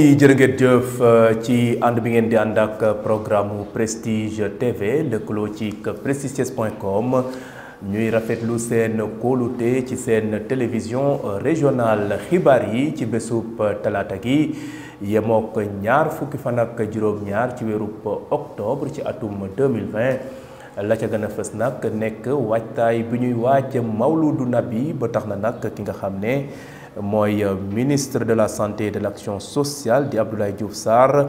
yi jërë ngeen jëf euh, ci ànd bi ngeen di ànd ak programme Prestige TV lëkkaloo ci prestigethies.com ñuy rafetlu seen kóolute ci seen télévision régionale xibaar yi ci bésub talaata gi yemook ñaar fukki fan ak juróom-ñaar ci weerub octobre ci atum 2020 la ca gën a fës nag nekk waajtaay bi ñuy waaj mawludu nabi ba tax na nag ki nga xam ne moy euh, ministre de la santé et de l'action sociale di Abdoulaye Diouf Sarr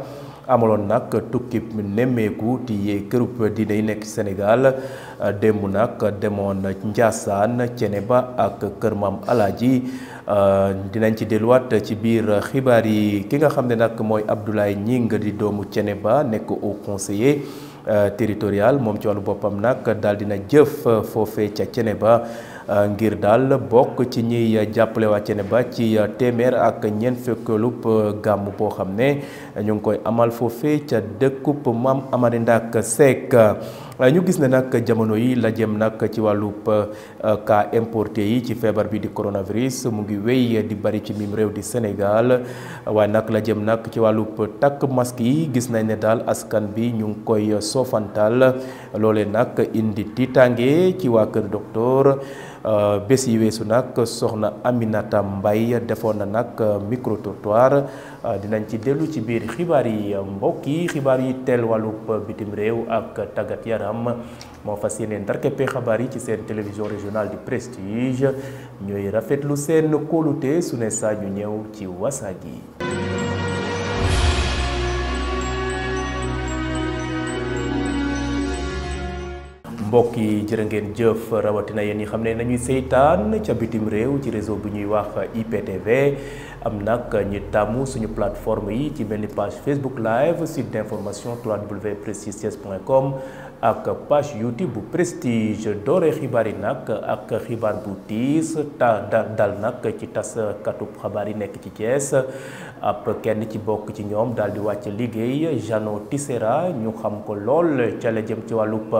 amalon nak tukki nemmeeku ci Sénégal euh, démb nak demone Njaasaan Ceneba ak kër Maam Alaaji euh, dinañ ci delluwaat ci xibaar yi ki nga xamné nak Abdoulaye Ning di doomu Ceneba au conseiller territorial mom ci Daldina bopam nak dal dina Euh, ngir daal bokk ci ñiy jàppale ne ba ci euh, téeméer ak ñeent fekkalub euh, gàmm boo xam ne ñu ngi koy amal foofee ca dëkkub maam Amary Ndack Seck waaye ñu gis ne nag jamono yi la jëm nag ci wàllub euh, cas importé yi ci feebar bi di coronavirus mu ngi wéy di bari ci mim réew di Sénégal waaye nag la jëm nag ci wàllub takk masque yi gis nañ ne daal askan bi ñu ngi koy soofantal loole nag indi tiitaange ci waa kër docteur euh, bés yi weesu nag soxna Aminata Mbaye defoon na nag micro trottoir Euh, dinañ ci dellu ci biir xibaar yi mbokk yi xibaar yi teel wàllu bitim réew ak tàggat yaram moo fas yéene ndarkeppe xabaar yi ci seen télévision régionale du prestige ñooy rafetlu seen kóolute su ne saa ñu ñëw ci wasaag yi mbokk yi jërë ngeen jëf rawatina yéen ñi xam nañuy seytaan bitim rew ci réseau bi ñuy wax IPTV am nak ñu tamu suñu plateforme yi ci page Facebook live site d'information www.prestige.com ak page YouTube bu Prestige dore xibaar nak boutis. ak xibaar bu ta dal nak ci taskatu xabaar yi nekk ci Thiès ab kenn ci bokk ci di wacc Jano Tissera ñu xam ko lol la jëm ci walup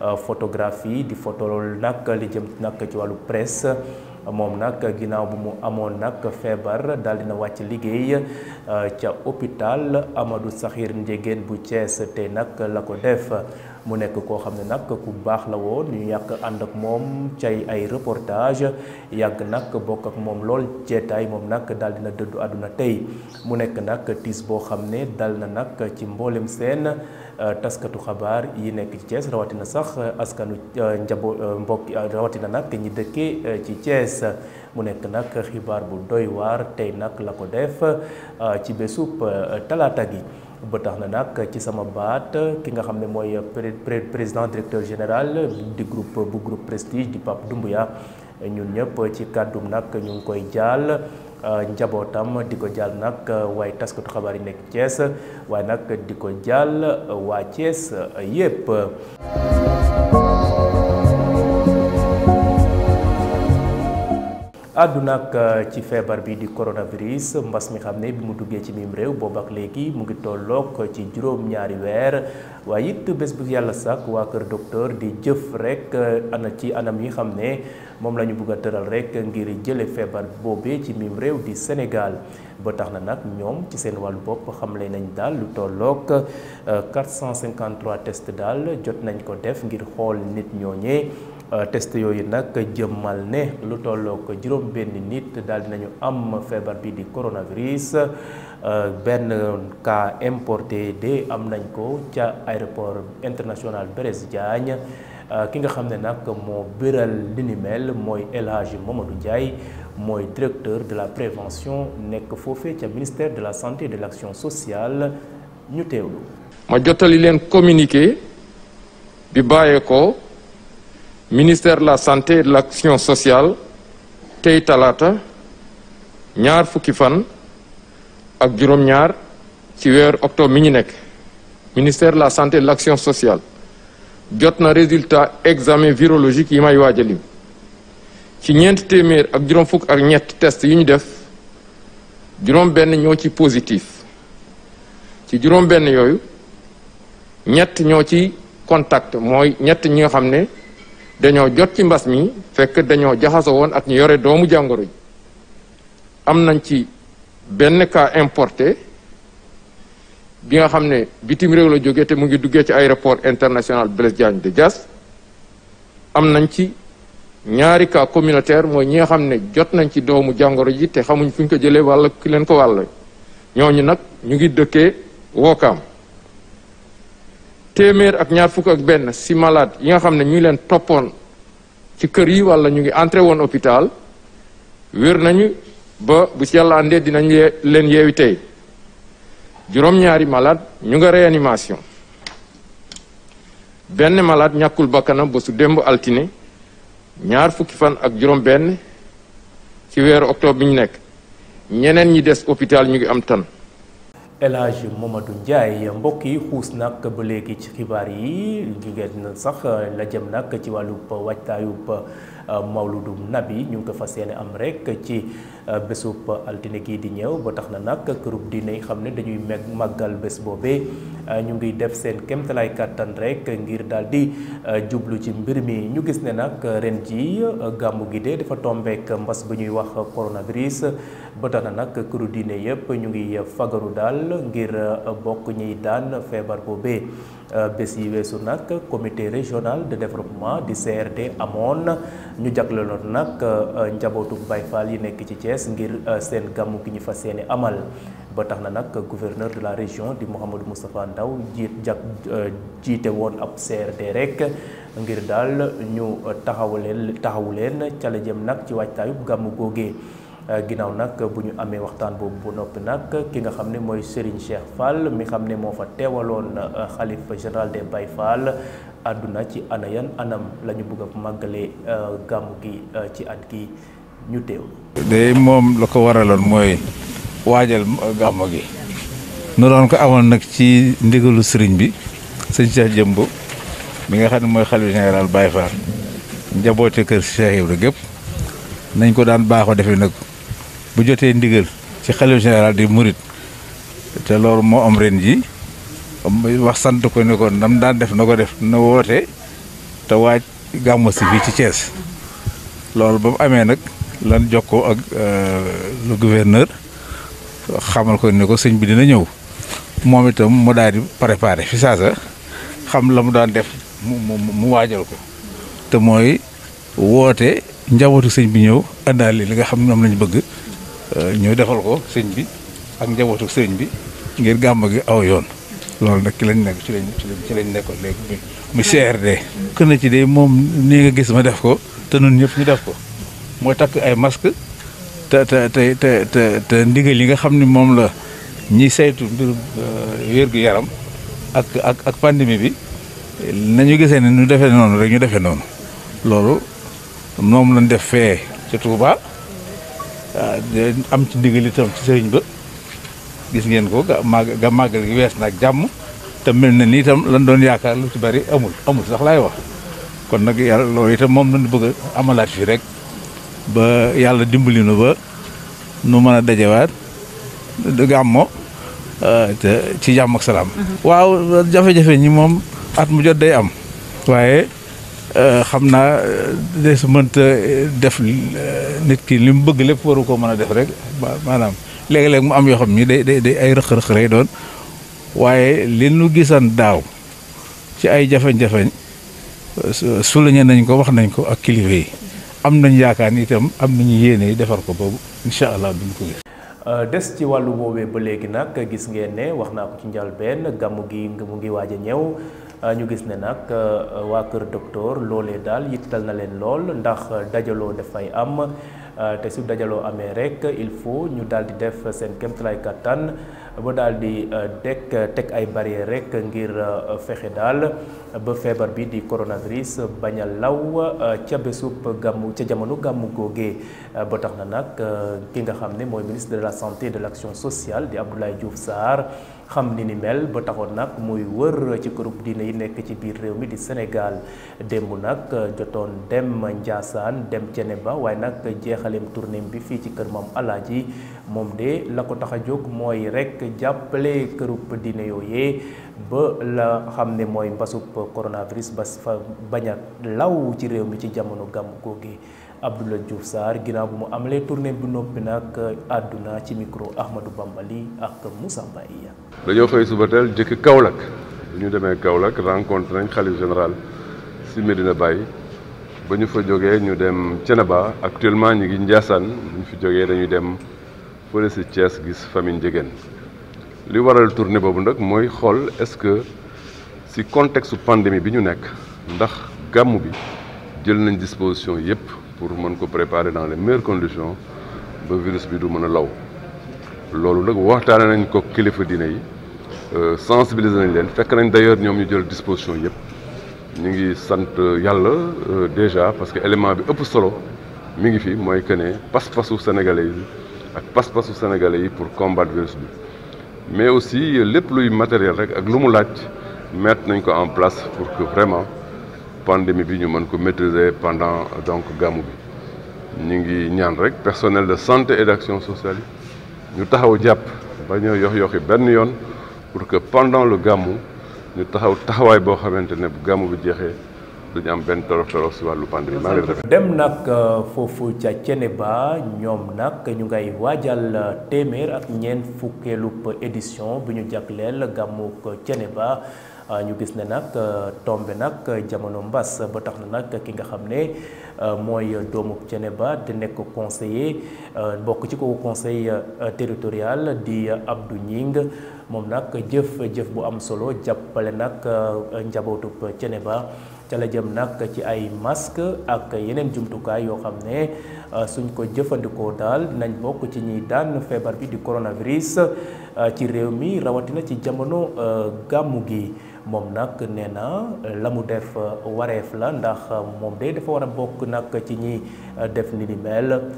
Euh, photographie di photol nag li jëm nag ci wàllu presse moom nag ginnaaw bu mu amoon nag feebar daal dina wàcc liggéey euh, ca hôpital Amadou saxiir Ndiéguène bu Thiès te nag la ko def mu nekk koo xam ne nag ku baax la woon ñu yàq ànd ak moom cay ay reportage yàgg nag bokk ak moom lool jeetaay moom nag daal dina dëddu àdduna tey mu nekk nag tiis boo xam ne dal na nag ci mboolem seen euh, taskatu xabaar yi nekk ci Thiès rawatina sax askanu euh, njabo euh, mbokk rawatina nag ñi dëkkee ci Thiès mu nekk nag xibaar bu doy waar tey nag la ko def ci bésub talaata gi ba tax na nag ci sama baat ki nga xam ne mooy président directeur général di groupe bu groupe Prestige di Pape Doumbouya ñun ñëpp ci kàddum nag ñu ngi koy jaal euh, njabootam di ko jaal nag waaye taskatu xabaar yi nekk Thiès waaye nag di ko jaal waa Thiès yépp àdduna ak eh, ci feebar bi di coronavirus mbas mi xam ne bi mu duggee ci mim réew boobaak léegi mu ngi tolloog ci juróom-ñaari weer waaye it bés bu yàlla sàkk waa kër docteur di jëf rek eh, ana ci anam yi xam ne moom la ñu bëgg a tëral rek ngir jële feebar boobee ci mim réew di Sénégal ba tax na nag ñoom ci seen wàllu bopp xamle nañ daal lu tolloog 453 test daal jot nañ ko def ngir xool nit ñooñee Euh, test yooyu nak jëmmal né lu tolloo ko juróom benn nit dal dinañu am fièvre bi di coronavirus euh, benn cas importé dé am nañ ko ca aéroport international Blaise Diagne euh, ki nga xamné nak mo bëral biral li ni mel moy El Mamadou Ndiaye moy directeur de la prévention nekk fofé ca ministère de la santé et de l'action sociale ñu teewlu ma jotali len communiquer bi bayé ko ministère de la santé et de l'action sociale tey Talata, ñaar Fukifan, niar. ak juróom-ñaar octobre ministère de la santé et de l'action sociale jot na résultat examen virologique yi may waaj a fouk ci ak Fuk ak test yi ñu def positif ci Ben Yoyu, nyoti contact dañoo jot ci mbas mi fekk dañoo jaxasoo woon ak ñu yore doomu jàngoro ji am nañ ci benn cas importé bi nga xam ne bitim réew la jóge te mu ngi duggee ci aéroport international Blaise Diagne de Diass am nañ ci ñaari cas communautaire mooy ñi nga xam ne jot nañ ci doomu jàngoro ji te xamuñ fu ñu ko jëlee wàll ki leen ko wàll ñooñu nag ñu ngi dëkkee wokaam témèr ak ñaar fukk ak benn si malade yi nga xam ne ñu leen toppoon ci kër yi wala ñu ngi entré woon hôpital wér nañu ba bu si yàlla àndee dinañ leen yeewi tey juróom-ñaari malade ñu nga réanimation benn malade ñàkkul bakkana ba su démb altine ñaar fukki fan ak juróom benn ci weeru octobre bi ñu nekk ñeneen ñi des hôpital ñu ngi am tan El Hadj Mamadou Ndiaye mbokk yi xuus nag ba léegi ci xibaar yi jugee na sax la jëm nag ci wàllu wàllub waajtaayub Euh, mawludum nabi ñu ngi ko fas yéene am rek ci euh, bésu altine gii di ñëw ba tax na nag kërub diine yi xam ne dañuy meg màggal bés boobee euh, ñu ngi def seen kéemtalaay kàttan rek ngir daal di jublu ci mbir mi ñu gis ne nag ren ji gàmmu gi de dafa tombeek mbas bu ñuy wax coronavirus ba tax na nag këru diine yëpp ñu ngi fagaru daal ngir bokk ñiy daan feebar boobee Euh, bés yi weesu nag commité régional de développement di CRD amoon ñu jagleloon nag euh, njabootu Baye yi nekk ci Thiès ngir euh, seen gàmmu ki ñu fa yéene amal ba tax na nag gouverneur de la région di Mouhamadou Moustapha Ndaw jiit jag jiite woon ab CRD rek ngir daal ñu taxawu leen taxawu leen ca la jëm nag ci waajtaayub gàmmu googee Eh, ginaaw nak bu ñu amé waxtaan bo bu nopi nak ki nga xamné moy serigne cheikh fall mi xamné mo fa téwalon eh, khalifa général des bay fall aduna ci anayan anam lañu bëgg fa magalé eh, gamu gi ci at gi ñu téw dé mom lu waralon moy wajal gamu gi nu doon ko amal nak ci ndigalu serigne bi serigne cheikh jëmbu mi nga xamné moy khalifa général bay fall njabote kër cheikh ibrahim gep nañ ko daan baaxoo defee nag bu jotee ndigal ci xalif général di murit te loolu moo am ren ji wax sant ko ni ko nam daan def na ko def na woote te waaj gàmmu si fii ci Thiès loolu ba mu amee nag lan jokkoo ak euh, le gouverneur xamal ko ni ko sëñ bi dina ñëw moom itam mu daal di préparé fi saasa xam la mu daan def mu mu waajal ko te mooy woote njabootu sëñ bi ñëw àndaale li nga xam ñoom lañu bëgg Euh, ñu defal ko sëñ bi ak njabootu sëñ bi ngir gàmm gi aw yoon loolu nag ci lañ nekk ci lañ ci lañ nekkoon léegi mu CRD. kën ne ci de moom nii nga gis ma def ko te nun ñëpp ñu def ko mooy takk ay masque te te yi nga xam ne moom la ñiy saytu mbirum euh, wérgu yaram ak ak bi nañu gisee ne ñu defee noonu rek ñu defee noonu loolu moom lañ def fee ca Touba. Ah, am ci ndigal ci sëriñ ba gis ngeen ko ga màgg ga màggal gi wees nag jàmm te mel na ni itam lan doon yaakaar lu ci bari amul amul sax laay wax kon nag yàlla loolu itam moom lañu bëgg a amalaat fi rek ba yàlla dimbali nu ba nu mën a dajewaat gàmmo ah, te ci jàmm ak salaam. Mm-hmm. waaw jafe-jafe ñi moom at mu jot day am waaye. Euh, xam naa euh, des mënta euh, def nit ki li mu bëgg lépp waru ko mën a def rek maanaam léegi-léeg mu am yoo xam ni day day day ay rëq-rëq lay doon waaye li nu gisan daaw ci ay jafe-jafe souligné nañ ko wax nañ ko ak kilifa yi am nañ yaakaar ni itam am nañu yéene defar ko boobu incha allah duñ ko gis. des ci wàllu woowee ba léegi nag gis ngeen ne wax naa ko ci benn gàmmu gi mu ngi waaj ñëw. Eh, ñu gis ne nag eh, waa kër docteur loolee daal yittal na leen lool ndax eh, dajaloo dafay am te su dajaloo amee rek il faut ñu daal di def seen kemtlaay katan ba daal di tek tek ay barrières rek ngir fexe daal ba feebar bi di coronavirus bañ a law ca besub gàmmu ca jamono gàmmu googee ba tax na nag ki nga xam ne ministre de la santé de l' sociale di abdoulaye diouf sahar xam ni mel ba taxoon nag muy wër ci groupe dina yi nekk ci biir réew di sénégal démb nag jotoon dem njaasaan dem ceneba waaye nag jeexaleem tournée bi fii ci kër moom alaaji moom de la ko tax a jóg mooy rek jàppale këroupe dina yooyee ba la xam ne mooy coronavirus ba fa law ci réew ci jamono gam googee abdullah jufsar ginaaw bu mu amalee tournée bi noppi nag àdduna ci micro ahmadou bambali ak moussa mbaye dañoo xëy subatel jëkk kaolak bu ñu demee kaolak rencontre nañ xalif général si medina baye ba ñu fa jógee ñu dem cenaba actuellement ñu ngi njaasaan ñu fi jógee dañuy dem fële thiès gis famine jégen li waral tournée boobu nag mooy xool est ce que si contexte pandémie bi ñu nekk ndax gàmm bi jël nañ disposition yépp pour me préparer dans les meilleures conditions le virus bi du mën a law loolu nag waxtaane nañ ko kilifa diine yi euh, sensibiliser nañ len fekk nañ d'ailleurs ñom ñu jël disposition yépp ñu ngi sante euh, yalla euh, déjà parce que élément bi ëpp solo mi ngi fi moy que né pas-pasu sénégalais yi ak pas sénégalais yi pour combattre virus bi mais aussi lepp luy matériel rek ak lu mu laaj mettre nañ ko en place pour que vraiment pandémie bi ñu mën ko maîtriser pendant donc gàmmu bi ñu ngi ñaan rek personnel de santé et d'action sociale ñu taxaw japp ba ñoo yox yoxi ben yoon pour que pendant le gàmmu ñu taxaw taxaway bo xamantene bu gàmmu bi jexé duñu am ben torof torof si wàllu pandémie maa ngi dem nag euh, foofu ca Thiénaba ñom nak ñu ngay wajal euh, témèr ak ñeent fukkeelub édition bu ñu jagleel gàmmuk Thiénaba ñu uh, gis ne nag uh, tombe nag uh, jamono mbas ba tax na nag ki nga xam ne doomu ceneba di nekk conseiller bokk ci ko conseil territorial di abdou ning moom nag jëf jëf bu am solo jàppale nag njabootub ceneba ca la jëm nag ci ay masque ak yeneen jumtukaay yoo xam ne suñ ko jëfandikoo daal nañ bokk ci ñiy daan feebar bi di coronavirus ci réew mi rawatina ci jamono gàmmu gi moom nag nee na la mu def euh, wareef la ndax euh, moom day dafa war a bokk nag ci ñi euh, def ni ni ab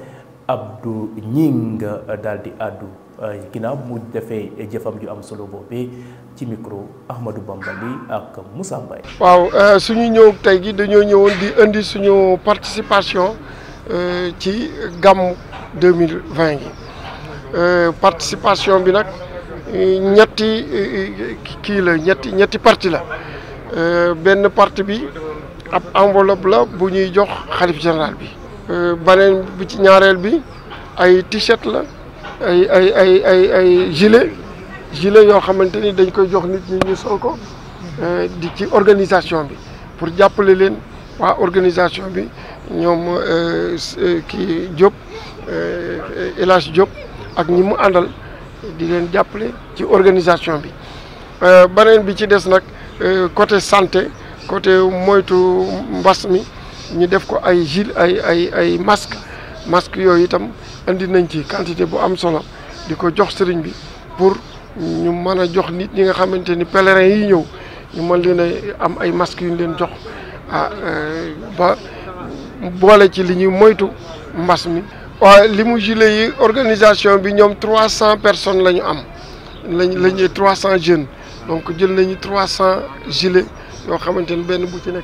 Abdou Ñing daal di àddu ginnaaw mu defee jëfam ju am solo boobu ci micro Ahmadou Bambali ak Moussa Mbaye waaw suñu ñëw tey gi dañoo ñëwoon di indi suñu participation ci gàmmu 2020 gi participation bi nag ñetti kii la ñetti ñetti parti la benn parti bi ab enveloppe la bu ñuy jox xalif général bi baneen bi ci ñaareel bi ay t-shirt la ay ay ay ay ay gilet gilet yoo xamante ni dañ koy jox nit ñu sol ko di ci organisation bi pour jàppale leen waa organisation bi ñoom euh, euh, kii Diop euh, El Hadj ak ñi mu àndal di leen jàppale ci organisation bi euh, beneen bi ci des nag euh, côté santé côté moytu mbas mi ñu def ko ay gilet ay ay ay masque masque yooyu itam indi nañ ci quantité bu am solo di ko jox sëriñ bi pour ñu mën a jox nit ñi nga xamante ni pèlerin yi ñëw ñu mën leen a am ay masques yu leen jox ah euh, ba boole ci li ñuy moytu mbas mi waaw organisation bi personnes lañu am jeunes donc jël nañu gilets yo xamanteni ben bu ci dañ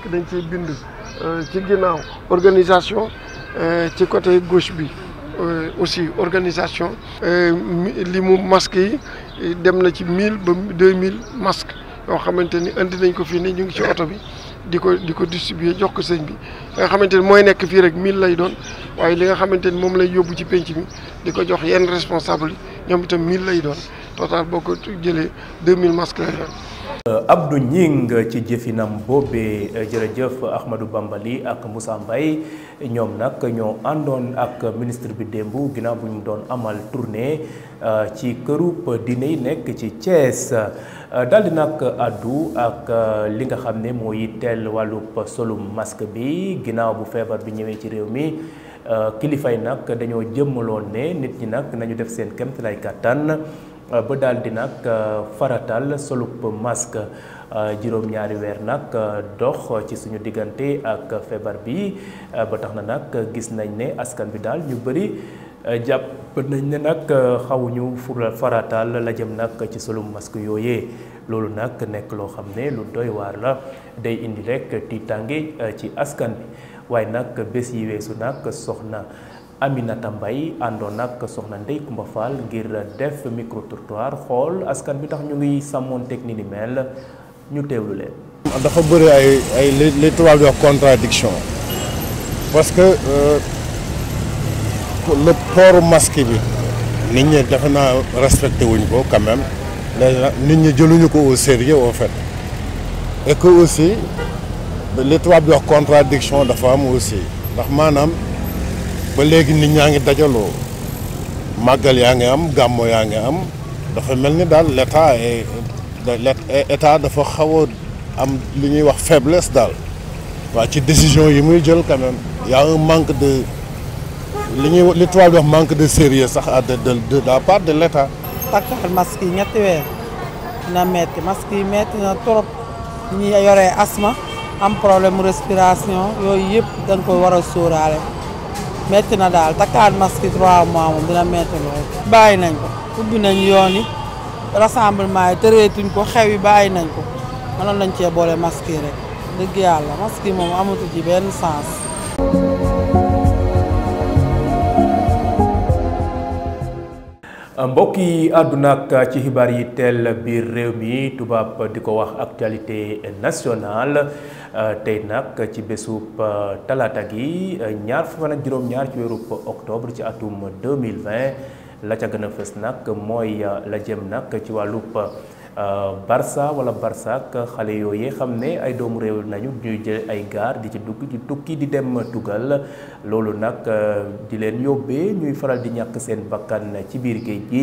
euh, organisation euh, ci côté gauche bi euh, aussi organisation li masque yi dem masques Nous nañ ko ñu ci li xamante ni mooy nekk fii rek 1000 lay doon waaye li nga xamante ni moom lay yóbbu ci pénc mi di ko jox yenn responsable yi ñoom itam mille lay doon total boo ko jëlee 2000 mille lay doon. Euh, Abdou Ñing ci jëfinam boobee euh, jërëjëf Ahmadou Bambali ak Moussa Mbaye ñoom nag ñoo àndoon ak ministre bi démb ginaaw bu ñu doon amal tournée euh, ci këru diine yi nekk ci Thiès daldi nag àddu ak li nga xam ne moo mooy teel wàllub solum masque bi ginaaw bu feebar bi ñëwee ci réew mi kilifa yi nag dañoo jëmmaloon ne nit ñi nag nañu def seen kéemtalaay kàttan Euh, ba daal di nag euh, faratal solub masque euh, juróom-ñaari weer nag dox ci suñu diggante ak feebar bi ba tax na nag gis nañ ne askan bi daal ñu bëri jàpp nañ ne nag xawuñu faratal la jëm nag ci solub masque yooyee loolu nag nekk loo xam ne lu doy waar la day indi rek tiitange ci askan bi waaye nag bés yi weesu nag soxna Aminata Mbaye àndoon ak soxna Ndeye Coumba Fall ngir def micro trottoir xool askan bi tax ñu ngi sàmmoon technique ni mel ñu teewlu leen. dafa bëri ay ay li tubaab di wax contradiction parce que euh, le port masque bi nit ñi defe naa respecté wuñ ko quand même nit ñi jëluñu ko au sérieux en fait et que aussi li tubaab di wax contradiction dafa am aussi ndax maanaam. ba léegi ni ñaa ngi dajaloo màggal yaa ngi am gàmmo yaa ngi am dafa mel ni daal l'état l'état dafa xaw a am li ñuy wax faiblesse daal waa ci décision yi muy jël quand même y a un manque de li ñuy li tubaab di wax manque de sérieux sax à de de la part de l'état. takkal masque yi ñetti weer na metti masque yi na trop ñi yoree asthme am problème respiration yooyu yëpp dañ ko war a sóoraale. metti na daal takkaat masque trois mois moom dina metti lool. bàyyi nañ ko ubbi nañ yoon yi rassemblement yi tëreetuñ ko xew bàyyi nañ ko mënoon nañ cee boole maski yi dëgg yàlla maski yi moom amatu ci benn sens. mbokk yi àdduna ak ci xibaar yi teel biir réew mi tubaab di ko wax actualité nationale. Euh, tey nag ci bésub euh, talaata gi euh, ñaar fa ak juróom-ñaar ci weerub octobre ci atum 2020 la ca gën a fës nag mooy la jëm nag ci wàllub Barça wala Barsak xale yooyee xam ne ay doomu réew nañu ñuy jël ay gaar di ci dugg ci tukki di dem tugal loolu nag di leen yóbbee ñuy faral di ñàkk seen bakkan ci biir géej gi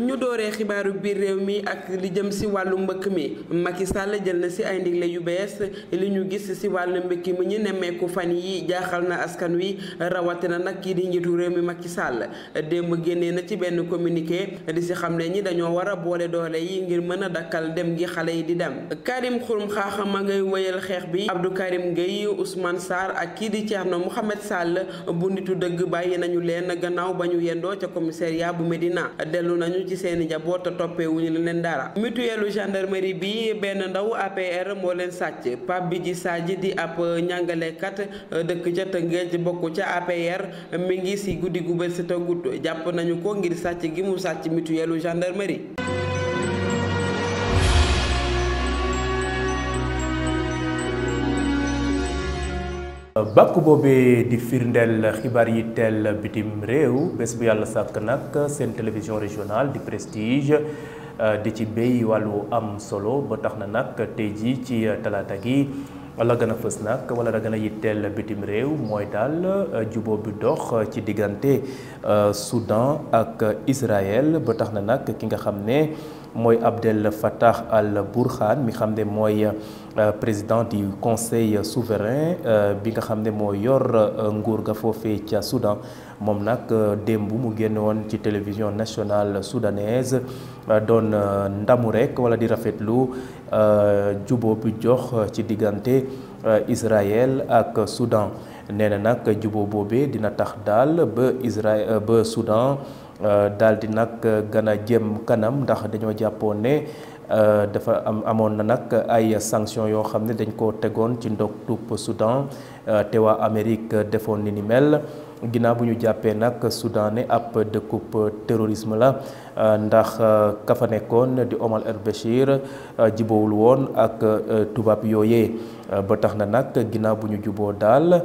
ñu dooree xibaaru biir réew mi ak li jëm si wàllu mbëkk mi Macky Sall jël na si ay ndigle yu bees li ñu gis si wàllu mbëkk mi ñu nemmeeku fan yi jaaxal na askan wi rawatina nag kii di njiitu réew mi Macky Sall démb génnee na ci benn communiqué di si xam ne ñi dañoo war a boole doole yi ngir mën a dakkal dem gi xale yi di dem Karim Xurum Xaax ma ngay wéyal xeex bi Abdou Karim Gueye Ousmane saar ak kii di na Mohamed Sall bu nitu dëgg bàyyi nañu leen gannaaw ba ñu yendoo ca commissariat bu Médina dellu nañu dellu ci seeni njaboot te toppee wuñu leen dara mutuelu gendarmerie bi benn ndaw APR moo leen sàcc Pape Bidji Sadji di ab ñàngalekat euh, dëkk ca Tëngéej bokk ca APR mi ngi si guddi gu bët si tëggut jàpp nañu ko ngir sàcc gi mu sàcc mutuelu gendarmerie bakku de di firndel xibar yi teel bitim rew bu télévision régionale di prestige euh, di ci béy am solo ba taxna nak tay ji ci talata gi wala gën fess fës wala bitim euh, dox ci euh, Soudan ak Israël ba taxna nak ki nga Abdel Fattah al Burhan mi de Moy. Euh, président du conseil souverain euh, bi nga xamné mo yor euh, nguur ga Soudan mom nag dembu mu ci télévision nationale soudanaise don ndamou rek wala di rafetlu djubo bi jox ci diganté Israël ak Soudan néna nak djubo bobé dina tax dal ba Israël Soudan dal di nak kanam ndax dañoo Japoné Euh, dafa am amoon na nag ay sanctions yoo xam ne dañ koo tegoon ci ndog tuub Soudan euh, te waa Amérique defoon ni ni mel ginnaaw bu ñu jàppee nag Soudan ne ab dëkkub terrorisme la euh, ndax ka fa nekkoon di Omar el-Béchir jibowul woon ak tubaab yooye ba tax na nag ginnaaw bu ñu juboo daal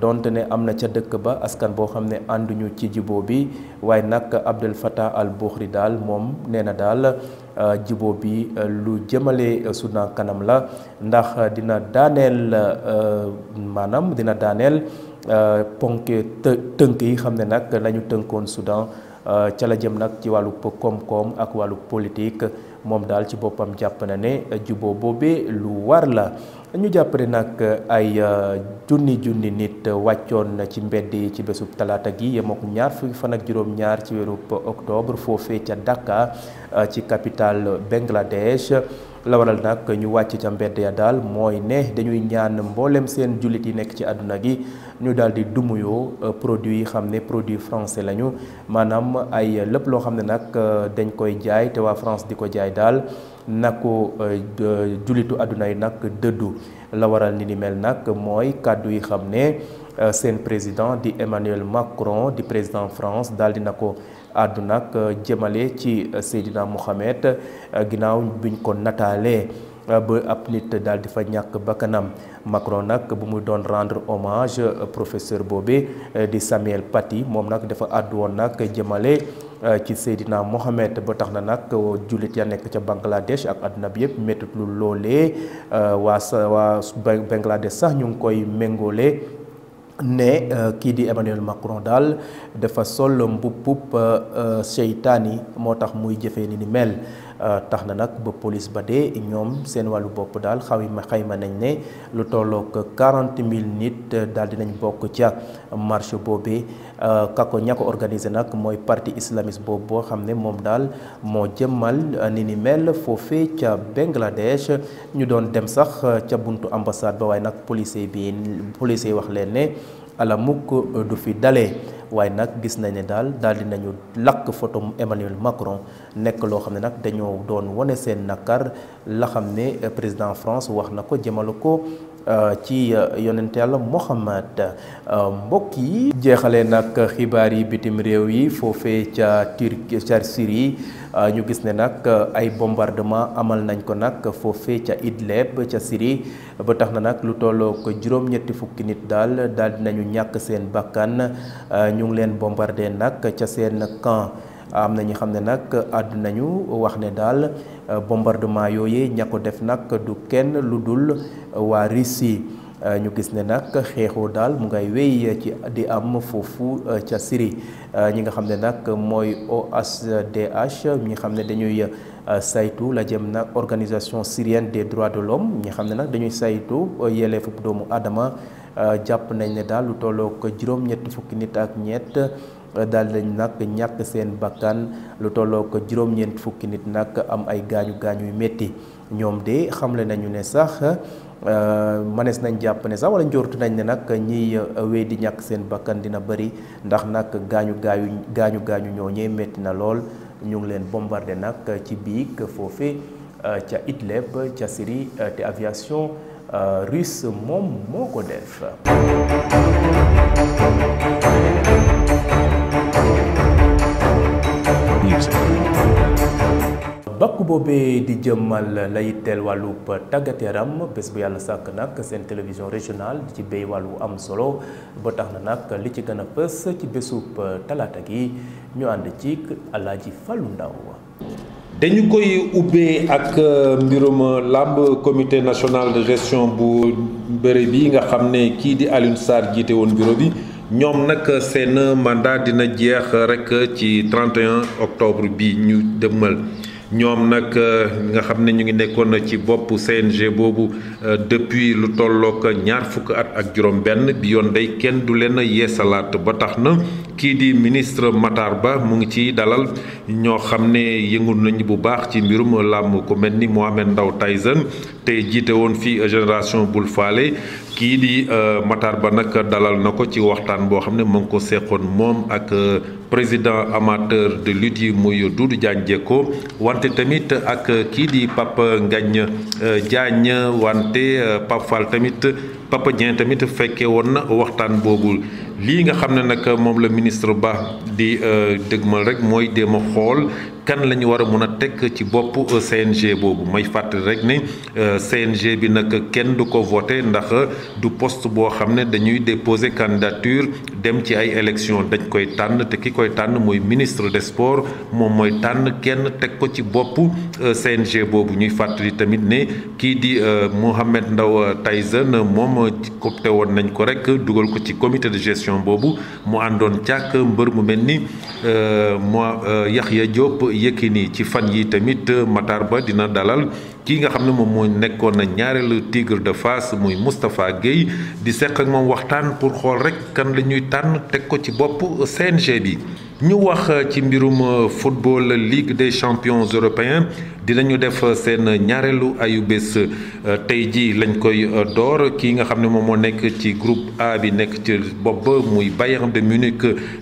donte ne am na ca dëkk ba askan boo xam ne ànduñu ci jiboo bi waaye nag Abdel Fattah al-Buhri daal moom nee na daal Euh, jibo bi euh, lu jëmale euh, Soudan kanam la ndax dina daaneel maanaam dina daaneel ponk tënk yi xam ne nag lañu tënkoon Soudan ca la jëm nag ci wàllu koom-koom ak wàllu politique moom daal ci boppam jàpp na ne juboo boobee lu war la ñu jàpp ne nag ay euh, junni junni nit wàccoon ci mbedd yi ci bésu talaata gi yem ñaar fukki fan ak juróom-ñaar ci weerub octobre foofee ca Dhaka euh, ci capitale Bangladesh la nag ñu wàcc ca mbedd ya daal mooy ne dañuy ñaan mboolem seen jullit yi nekk ci àdduna gi ñu daal di dumuyoo euh, produit yi xam ne produit français lañu maanaam ay lépp loo xam ne nag dañ koy jaay te waa France di ko jaay daal. Nako euh, julitu aduna nak yi la waral ni ni mel nak moy kaddu yi euh, président di Emmanuel Macron di président France Dali nako aduna djemalé euh, àddu ci Seydina Mohamed ginaaw buñ ko ba ab nit daal di fa ñàkk bakkanam Macron nag bu muy doon rendre hommage euh, professeur boobee euh, di Samuel Paty moom nag dafa àddu woon nag jëmale euh, ci Seydina Mohamed ba tax na nag jullit ya nekk ca Bangladesh ak àdduna bi yëpp loole lu loolee waa sa waa Bangladesh sax ñu ngi koy méngoole ne kii di Emmanuel Macron daal dafa sol mbubbub seytaani moo tax muy jëfee ni ni mel Euh, tax na nag ba police ba de ñoom seen wàllu bopp daal xawma xayma nañ ne lu tollook quarante mille nit euh, daal dinañ bokk ca marche boobee euh, kako ña ko organisé nag mooy parti islamiste boobu boo xam ne moom daal moo jëmmal ni ni mel foofee ca Bangladesh ñu doon dem sax ca buntu ambassade ba waaye nag policier bi policier wax leen ne alamuk du fi dalee waaye nak gis nañ ne dal daal di photo Emmanuel Macron nekolo lo xamné nak nag dañoo doon woné sen nakar la xamné président France wax nako Uh, ci uh, yonent yalla mohammed uh, mbokk yi jeexale nak xibaar yi bitim rew yi fofé ca turki ca syrie ñu gis ne nak ay bombardement amal nañ ko nak fofé ca idlib ca syrie ba tax na nak lu tolo ko juroom ñetti fukki nit dal dal nañu ñak seen bakkan ñu ngi leen bombarder nak ca seen camp am na ñi xam ne nag àdduna ñu wax ne daal euh, bombardement yooyu ña ko def nag du kenn lu dul euh, waa Russie euh, ñu gis ne nag xeexoo daal mu ngay wéy ci di am foofu ca Syrie ñi nga xam ne nag mooy OHDH ñi xam ne dañuy saytu la jëm nag organisation syrienne des droits de l'homme ñi xam ne nag dañuy saytu yelleefu doomu aadama jàpp nañ ne daal lu tollook juróom-ñett fukki nit ak ñett daal lañ nag ñàkk seen bakkan lu tolloo ko juróom-ñeent fukki nit nag am ay gaañu gaañu yu metti ñoom de xamle nañu ne sax euh, mënees nañ jàpp ne sax wala njortu nañ ne nag ñiy euh, wéy di ñàkk seen bakkan dina bari ndax nag gaañu gaañu gaañu gaañu ñooñee métti na lool ñu ngi leen bombarde nag ci biig foofe euh, ca Idlib ca Syrie te aviation russe moom moo ko def. bakku boobee di jëmmal la yitteel wàllub tàggat yaram bés bu yàlla sàkk nag seen télévision régionale di ci béy wàllu am solo ba tax na nag li ci gën a fës ci bésub talaata gi ñu ànd ci Alaaji Fàllu Ndaw dañu koy ubbee ak euh, mbirum euh, lamb comité national de gestion bu béré bi nga xamné ki di Alioune Sar jiite won bureau bi ñoom nag seen mandat dina jeex rek ci 31 octobre bi ñu dëmmal ñoom nag euh, nga xam ne ñu ngi nekkoon ci bopp CNG boobu euh, depuis lu tollook ñaar fukk at ak juróom-benn bi yoon day kenn du leen yeesalaat ba tax na kii di ministre Matar Ba mu ngi ciy dalal ñoo xam ne yëngu nañu bu baax ci mbirum làmm ku mel ni Mohamed Ndao Tyson tey jiite woon fii génération bul faale kii di euh, Matar Ba nag dalal na ko ci waxtaan boo xam ne mu ngi ko seqoon moom ak euh, président amateur de lutte yi muy du Diagne Diécko wante tamit ak kii di Pape Ngagne euh, Diagne wante Pape Fall tamit Pape Dieng tamit fekke woon na waxtaan boobu li nga xam ne nag moom la ministre Ba di dëgmal rek mooy dem a xool kan lañu wara mëna tek ci bop euh, CNG bobu may fàttali rek euh, CNG bi nak kenn du ko ndax euh, du poste bo xamné dañuy déposer candidature dem ci ay élection dañ koy tann té ki koy tann moy ministre des sports mom moy tann kenn tek ko ci CNG bobu ñuy fàttali tamit né ki di Mohamed Ndaw Tyson mom copte won nañ ko rek duggal ko ci comité de gestion bobu mu àndoon càkk mbeur mu ni moo Yahya Diop Yékini ci fan yi tamit Matar Ba dina dalal kii nga xam ne moom moo nekkoon na ñaareelu tigre de fas muy Moustapha Guèye di seq ak moom waxtaan pour xool rek kan lañuy tànn teg ko ci bopp CNG bi. ñu wax ci mbirum football Ligue des champions européens dinañu def seen ñaareelu ayu bés tey jii lañ koy door kii nga xam ne moom moo nekk ci groupe A bi nekk ci bopp muy Bayern de Munich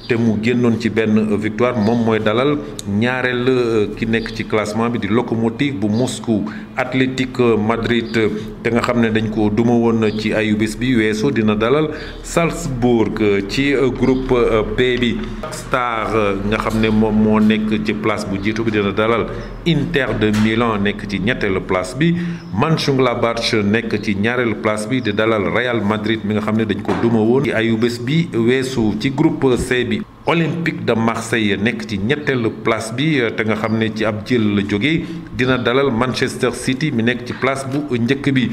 te mu génnoon ci benn victoire moom mooy dalal ñaareel ki nekk ci classement bi di Lokomotiv bu Moscou Atlético Madrid te nga xam ne dañ ko duma woon ci ayu bés bi weesu dina dalal Salzbourg ci groupe B bi Star nga xam ne moom moo nekk ci place bu jiitu bi dina dalal Inter de Milan nekk ci ñetteelu place bi Mönchengladbach nekk ci ñaareelu place bi di dalal Real Madrid mi nga xam ne dañ ko duma woon ci ayu bés bi weesu ci groupe C bi olympique de marseille nekk ci ñetteelu place bi euh, te nga xam ne ci ab jël la jóge dina dalal manchester city mi nekk ci place bu njëkk bi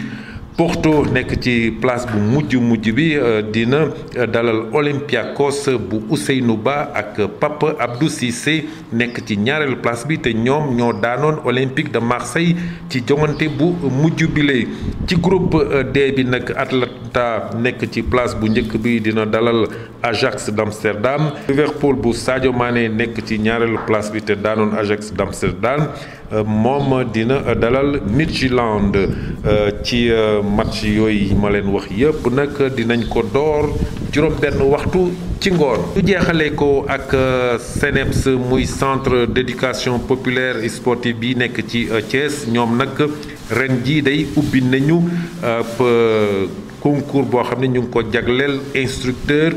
Porto nekk ci place bu mujj mujj bi euh, dina euh, dalal Olympiakos bu Ousseynou Ba ak Pape Abdou Cissé nekk ci ñaareelu place bi te ñoom ñoo daanoon Olympique de Marseille ci joŋante bu mujj bile ci groupe D bi nag Atlas Shakhtar nekk ci place bu njëkk bi dina dalal Ajax d'Amsterdam Liverpool bu Sadio maane nekk ci ñaareelu place bi te daanoon Ajax d'Amsterdam euh, moom dina dalal Midtjylland euh, ci euh, match yooyu ma leen wax yépp nag dinañ ko door juróom benn waxtu ci ngoon ñu jeexalee ko ak CNEPS muy centre d'éducation populaire et sportive bi nekk ci Thiès ñoom nag ren jii day ubbi nañu concours boo xam ne ñu ngi ko jagleel instructeur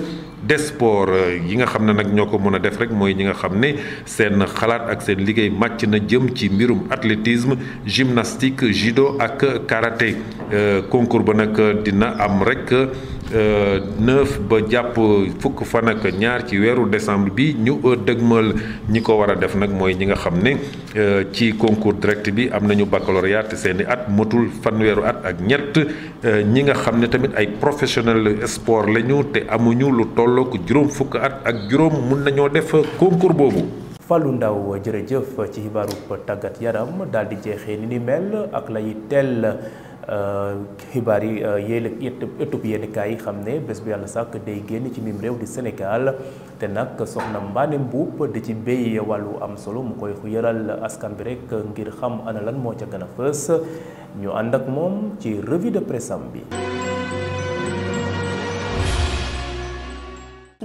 des sports yi nga xam ne nag ñoo ko mën a def rek mooy ñi nga xam ne seen xalaat ak seen liggéey màcc na jëm ci mbirum athlétisme gymnastique judo ak karaté euh, concours ba nag dina am rek. Euh, neuf ba jàpp fukk fan ak ñaar ci weeru décembre bi ñu euh, dëgmal ñi ko war a def nag mooy ñi nga xam ne euh, ci concours direct bi am nañu baccalauréat te seeni at motul fanweeru at ak ñett ñi nga xam ne tamit ay professionnel sport lañu te amuñu lu tollook juróom fukk at ak juróom mun nañoo def concours boobu. Fallou Ndaw jërëjëf ci xibaaru tàggat yaram daal di jeexee ni ni mel ak lay teel. Euh, xibaar yi euh, yéen ëttub yéenekaay yi xam ne bés bu yàlla sàkk day génn ci mim réew di Sénégal te nag soxna Mbaane Mbuup da ci béy wàllu am solo mu koy yaral askan bi rek ngir xam ana lan moo ca gën fës ñu ànd ak moom ci revue de presse bi.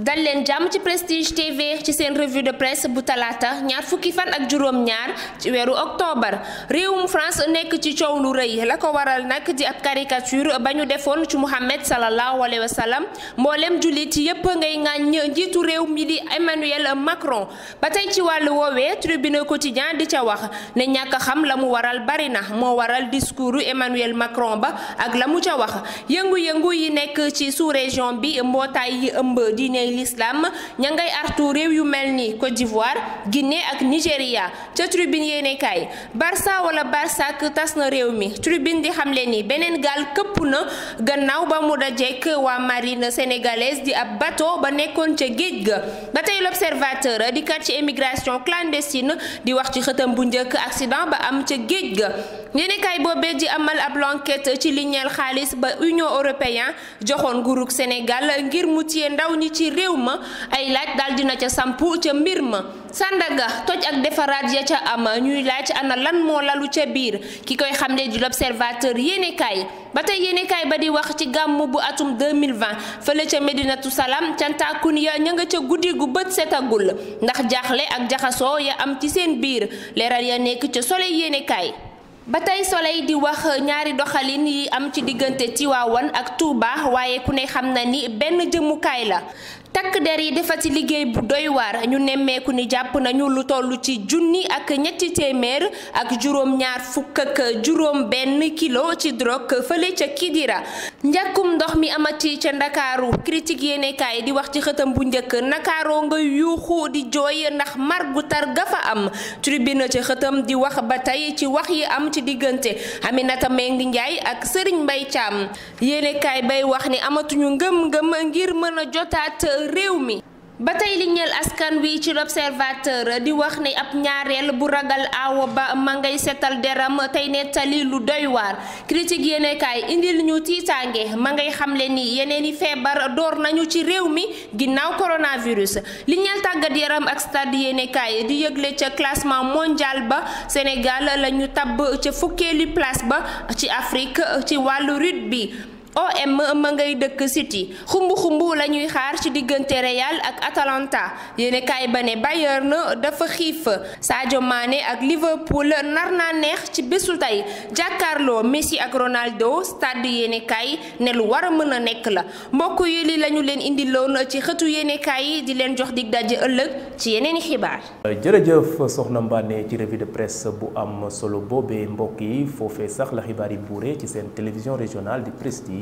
dal leen jàmm ci prestige tv ci seen revue de presse bu talaata ñaar fukki fan ak juróom ñaar ci weeru octobre réewum france nekk ci coow lu rëy la ko waral nag di ab caricature ba ñu defoon ci mouhammad salallahu alayhi wa sallam mboolem jullit yépp ngay ŋàññ njiitu réew mi di emmanuel macron ba tey ci wàllu woowee tribune quotidien di ca wax ne ñàkk xam la mu waral bari na moo waral discours emmanuel macron ba ak la mu ca wax yëngu-yëngu yi nekk ci sous région bi mbootaay yi ëmb l'islam ña ngay artu réew yu mel ni Côte d'Ivoire Guinée ak Nigéria ca tribune yéene kaay Barça wala Barsak tas na réew mi tribune di xamle ni beneen gaal këpp na gannaaw ba mu dajekk waa marine sénégalaise di ab bato ba nekkoon ca géej ga ba tey l'observateur di kat ci émigration clandestine di wax ci xëtam bu njëkk accident ba am ca géej ga yéenekaay boobee di amal ab enquête ci li ñeel xaalis ba Union européenne joxoon nguurug Sénégal ngir mu téye réew ma ay laaj daal dina ca samp ca mbir ma Sandaga toj ak defaraat ya ca am ñuy laaj ana lan moo lalu ca biir ki koy xamle di l'observateur yéenekaay ba tey yéenekaay ba di wax ci gàmmu bu atum 2020 fële ca Medinatu Salaam cantaakun ya ña nga ca guddi gu bët setagul ndax jaaxle ak jaxasoo ya am ci seen biir leeral ya nekk ca Soleil yéenekaay ba tey soleil di wax ñaari doxalin yi am ci diggante Tiwaawan ak Touba waaye ku ne xam na ni benn jëmmukaay la takk der yi ci liggéey bu doy waar ñu nemmeeku ni jàpp nañu lu toll ci junni ak ñetti téeméer ak juróom ñaar fukk ak juróom benn kilo ci drogue fële ca Kidira njàkkum ndox mi amati ca ndakaaru critique yéenekaay di wax ci xëtam bu njëkk ndakaaroo nga yuuxu di jooy ndax mar gu tar ga fa am tribune ca xëtam di wax ba tey ci wax yi am ci diggante Aminata Mbengue Ndiaye ak Serigne mbay Thiam yéenekaay bay wax ni amatuñu ngëm-ngëm ngir mën a jotaat réew mi ba tey li askan wi ci l'observateur di wax ne ab ñaareel bu ragal awo ba ma ngay setal deram tey nettali lu doy waar critique yéenekaay indil ñu tiitaange ma ngay xamle ni yeneen i feebar door nañu ci réew mi ginnaaw coronavirus li ñeel tàggat yaram ak stade yéenekaay di yëgle ca classement mondial ba Sénégal la ñu tabb ca fukkeelu place ba ci Afrique ci wàllu rugby bi OM ma ngay dëkk City xumbu xumbu la ñuy xaar ci diggante reyal ak Atalanta yéenekaay ba ne Bayern dafa xiif Sadio Mané ak Liverpool nar naa neex ci bésu tey jàkkaarloo Messi ak Ronaldo stade yéenekaay ne lu war a mën a nekk la mbokk yi li la ñu leen indiloon ci xëtu yéenekaay yi di leen jox di daje ëllëg ci yeneen xibaar. jërëjëf soxna Mbane ci revue de presse bu am solo boobee mbokk yi foofee sax la xibaar yi buuree ci seen télévision régionale di Prestige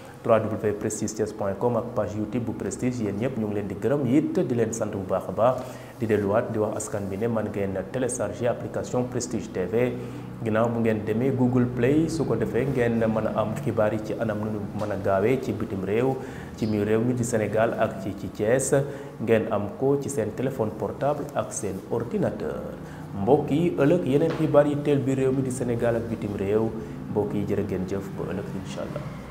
www.prestigethies.com ak page youtube bu prestige yéen ñëpp ñu ngi leen di gërëm it di leen sant bu baax a baax di delluwaat di wax askan bi ne man ngeen télécharger application prestige tv ginnaaw bu ngeen demee google play su ko defee ngeen mën a am xibaar yi ci anam nu ñu mën a gaawee ci bitim réew ci mii réew mi di sénégal ak ci ci Thiès ngeen am ko ci seen téléphone portable ak seen ordinateur mbokk yi ëllëg yeneen xibaar yi teel bi réew mi di sénégal ak bitim réew mbokk yi jërë ngeen jëf ba ëllëg incha allah